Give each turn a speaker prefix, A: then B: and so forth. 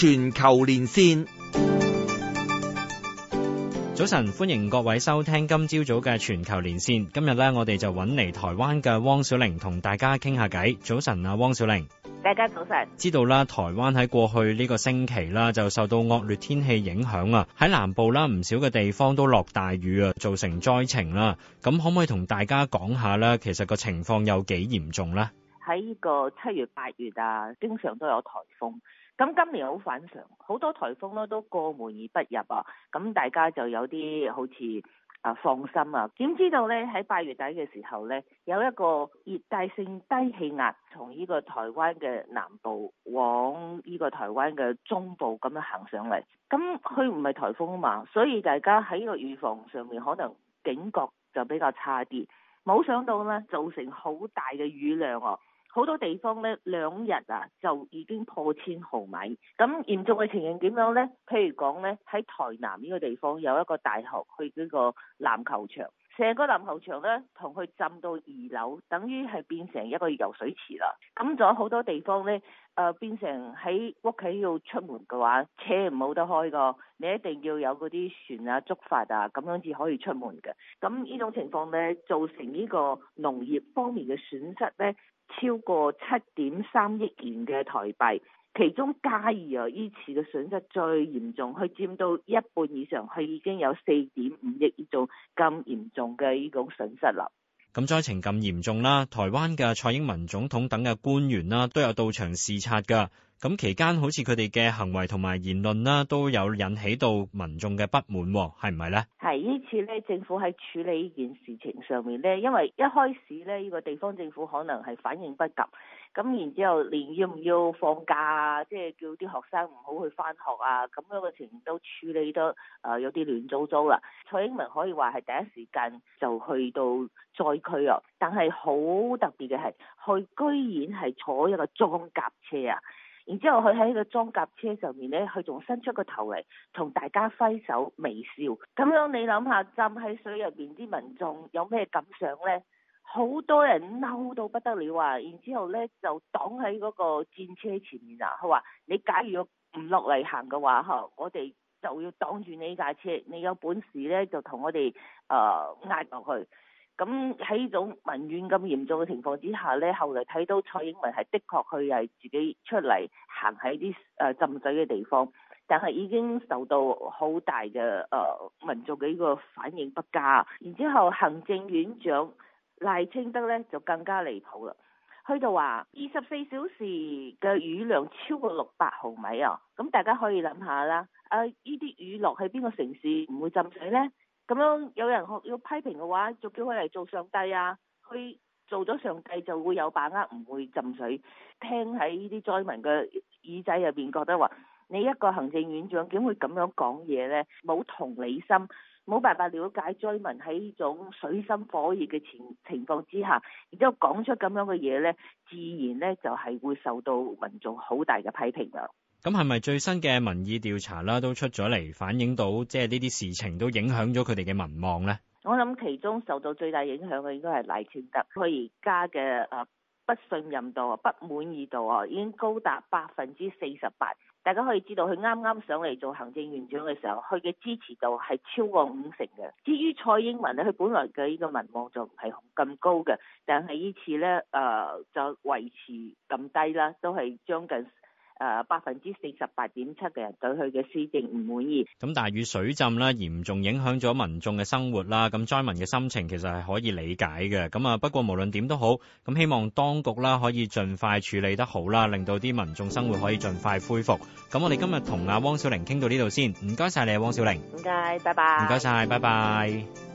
A: 全球連線，早晨，歡迎各位收聽今朝早嘅全球連線。今日咧，我哋就揾嚟台灣嘅汪小玲，同大家傾下偈。早晨啊，汪小玲，
B: 大家早晨。
A: 知道啦，台灣喺過去呢個星期啦，就受到惡劣天氣影響啊。喺南部啦，唔少嘅地方都落大雨啊，造成災情啦。咁可唔可以同大家講下呢？其實個情況有幾嚴重呢？
B: 喺呢個七月八月啊，經常都有台風。咁今年好反常，好多颱風咧都過門而不入啊！咁大家就有啲好似啊放心啊，點知道呢？喺八月底嘅時候呢，有一個熱帶性低氣壓從呢個台灣嘅南部往呢個台灣嘅中部咁樣行上嚟，咁佢唔係颱風啊嘛，所以大家喺個預防上面可能警覺就比較差啲，冇想到呢，造成好大嘅雨量啊。好多地方咧，兩日啊就已經破千毫米。咁嚴重嘅情形點樣呢？譬如講咧，喺台南呢個地方有一個大學去呢個籃球場，成個籃球場咧同佢浸到二樓，等於係變成一個游水池啦。咁仲有好多地方咧，誒、呃、變成喺屋企要出門嘅話，車唔好得開㗎，你一定要有嗰啲船啊、竹筏啊咁樣至可以出門嘅。咁呢種情況咧，造成呢個農業方面嘅損失咧。超過七點三億元嘅台幣，其中嘉義啊呢次嘅損失最嚴重，佢佔到一半以上，佢已經有四點五億呢種咁嚴重嘅呢種損失啦。
A: 咁災情咁嚴重啦，台灣嘅蔡英文總統等嘅官員啦都有到場視察㗎。咁期間好似佢哋嘅行為同埋言論啦，都有引起到民眾嘅不滿，係唔係呢？
B: 係呢次咧，政府喺處理呢件事情上面呢，因為一開始咧，呢個地方政府可能係反應不及，咁然之後連要唔要放假啊，即係叫啲學生唔好去返學啊，咁樣嘅事情都處理得啊、呃、有啲亂糟糟啦。蔡英文可以話係第一時間就去到災區啊，但係好特別嘅係，佢居然係坐一個裝甲車啊！然之後，佢喺個裝甲車上面呢，佢仲伸出個頭嚟，同大家揮手微笑。咁樣你諗下，浸喺水入邊啲民眾有咩感想呢？好多人嬲到不得了啊！然之後呢，就擋喺嗰個戰車前面啊！佢話：你假如唔落嚟行嘅話，嚇我哋就要擋住你架車。你有本事呢，就同我哋誒、呃、壓落去。咁喺呢種民怨咁嚴重嘅情況之下呢，後嚟睇到蔡英文係的確，佢係自己出嚟行喺啲誒浸水嘅地方，但係已經受到好大嘅誒、呃、民眾嘅呢個反應不佳。然之後行政院長賴清德呢就更加離譜啦，去到話二十四小時嘅雨量超過六百毫米啊！咁大家可以諗下啦，誒呢啲雨落喺邊個城市唔會浸水呢？咁樣有人要批評嘅話，就叫佢嚟做上帝啊！佢做咗上帝就會有把握，唔會浸水。聽喺呢啲災民嘅耳仔入面，覺得話你一個行政院長點會咁樣講嘢呢？冇同理心，冇辦法了解災民喺呢種水深火熱嘅情情況之下，然之後講出咁樣嘅嘢呢，自然呢就係會受到民眾好大嘅批評咯。
A: 咁係咪最新嘅民意調查啦，都出咗嚟反映到，即係呢啲事情都影響咗佢哋嘅民望咧？
B: 我諗其中受到最大影響嘅應該係賴清德，佢而家嘅誒不信任度啊，不滿意度啊，已經高達百分之四十八。大家可以知道，佢啱啱上嚟做行政院長嘅時候，佢嘅支持度係超過五成嘅。至於蔡英文咧，佢本來嘅呢個民望就唔係咁高嘅，但係呢次咧誒就維持咁低啦，都係將近。誒百分之四十八點七嘅人對佢嘅
A: 施政唔滿意。咁大雨水浸啦，嚴重影響咗民眾嘅生活啦。咁災民嘅心情其實係可以理解嘅。咁啊，不過無論點都好，咁希望當局啦可以盡快處理得好啦，令到啲民眾生活可以盡快恢復。咁我哋今日同阿汪小玲傾到呢度先，唔該晒你啊，汪小玲。唔
B: 該，拜拜。唔該
A: 晒，拜拜。